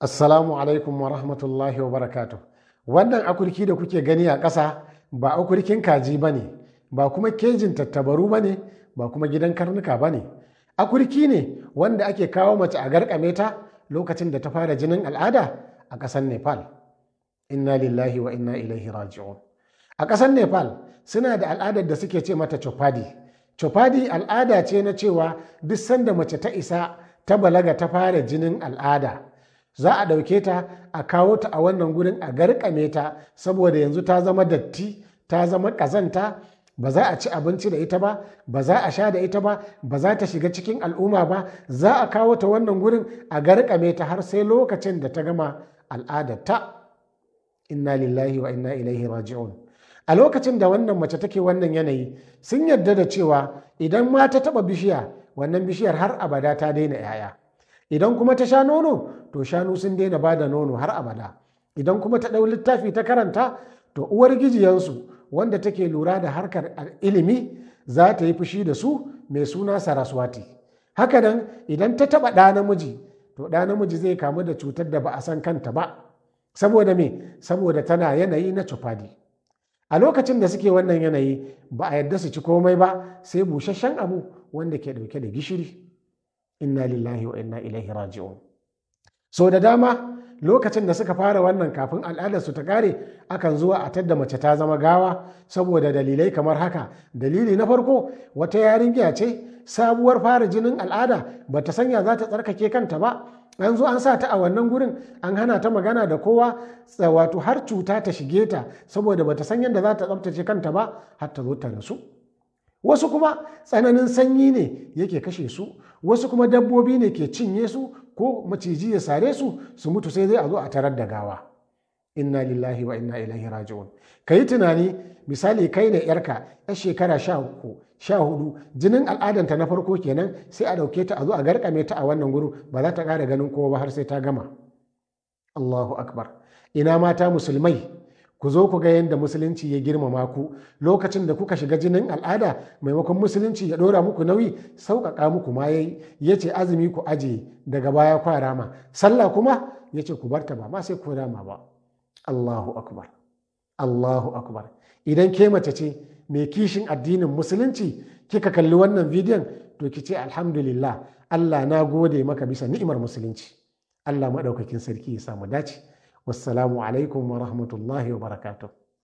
Assalamu alaikum wa rahmatullahi wa barakatuh. Wannan akurki da kuke gani a ƙasa ba akurkin kaji ba ne, ba kuma kejin tattabaru ba ne, ba kuma gidan karnuka ba ne. Akurki ne wanda ake kawo mace a garkame ta lokacin da ta fara jinin al'ada a ƙasar Nepal. Inna lillahi wa inna ilaihi raji'un. A ƙasar Nepal suna da al'adar da suke ce mata chopadi. Chopadi al'ada ce na cewa duk sanda mace ta isa ta balaga ta fara jinin al'ada. za a ɗauke ta a kawo ta a wannan gurin a garkame ta saboda yanzu ta zama datti ta zama ƙazanta ba za a ci abinci da ita ba ba za a sha da ita ba ba za ta shiga cikin al'umma ba za a kawo ta wannan gurin a garkame ta har sai lokacin da ta gama al'adarta inna lillahi wa inna ilaihi raji'un a lokacin da wannan mace take wannan yanayi sun yarda da cewa idan ma ta taɓa bishiya wannan bishiyar har abada ta daina 'ya'ya idan kuma ta sha nono to shanu sun daina ba da nono har abada idan kuma ta ɗau littafi ta karanta to uwar gijiyansu wanda take lura da harkar ilimi za ta yi fushi da su mai suna saraswati Haka hakanan idan ta taɓa ɗa namiji to ɗa namiji zai kamu da cutar da ba a san kanta ba saboda me saboda tana yanayi na cufadi a lokacin da suke wannan yanayi ba a yadda su ci komai ba sai busasshen abu wanda ke ɗauke da gishiri inna lillahi wa inna ilaihi raji'un so da dama lokacin da suka fara wannan kafin al'adar su ta kare akan zuwa a tadda mace ta zama gawa saboda dalilai kamar haka dalili na farko wata yarinya ce sabuwar fara jinin al'ada ba ta sanya za ta tsarkake kanta ba an zo an sa ta a wannan gurin an hana ta magana da kowa wato har cuta ta shige ta saboda ba ta san yadda za ta tsabtace kanta ba har ta zo ta rasu wasu kuma tsananin sanyi ne yake kashe su wasu kuma dabbobi ne ke cinye su ko maciji ya sare su su mutu sai zai a zo a tarar da gawa inna lillahi wa inna ilaihi raji'un ka yi tunani misali kai ne yarka ya shekara sha sha hudu jinin al'adanta na farko kenan sai a ɗauke ta a zo a garkame ta a wannan guru ba za ta kara ganin kowa ba har sai ta gama allahu akbar ina mata musulmai ku zo ku ga yadda musulunci ya girmama ku lokacin da kuka shiga jinin al'ada maimakon musulunci ya ɗora muku nauyi sauƙaƙa muku ma yayi ya ce azumi ku aje daga baya kwa rama sallah kuma ya ce ku barta ba ma sai ku rama ba allahu akbar allahu akbar idan ke mace ce mai kishin addinin musulunci kika kalli wannan bidiyon to ki ce alhamdulillah allah na gode maka bisa ni'imar musulunci allah maɗaukakin sarki ya samu dace والسلام عليكم ورحمه الله وبركاته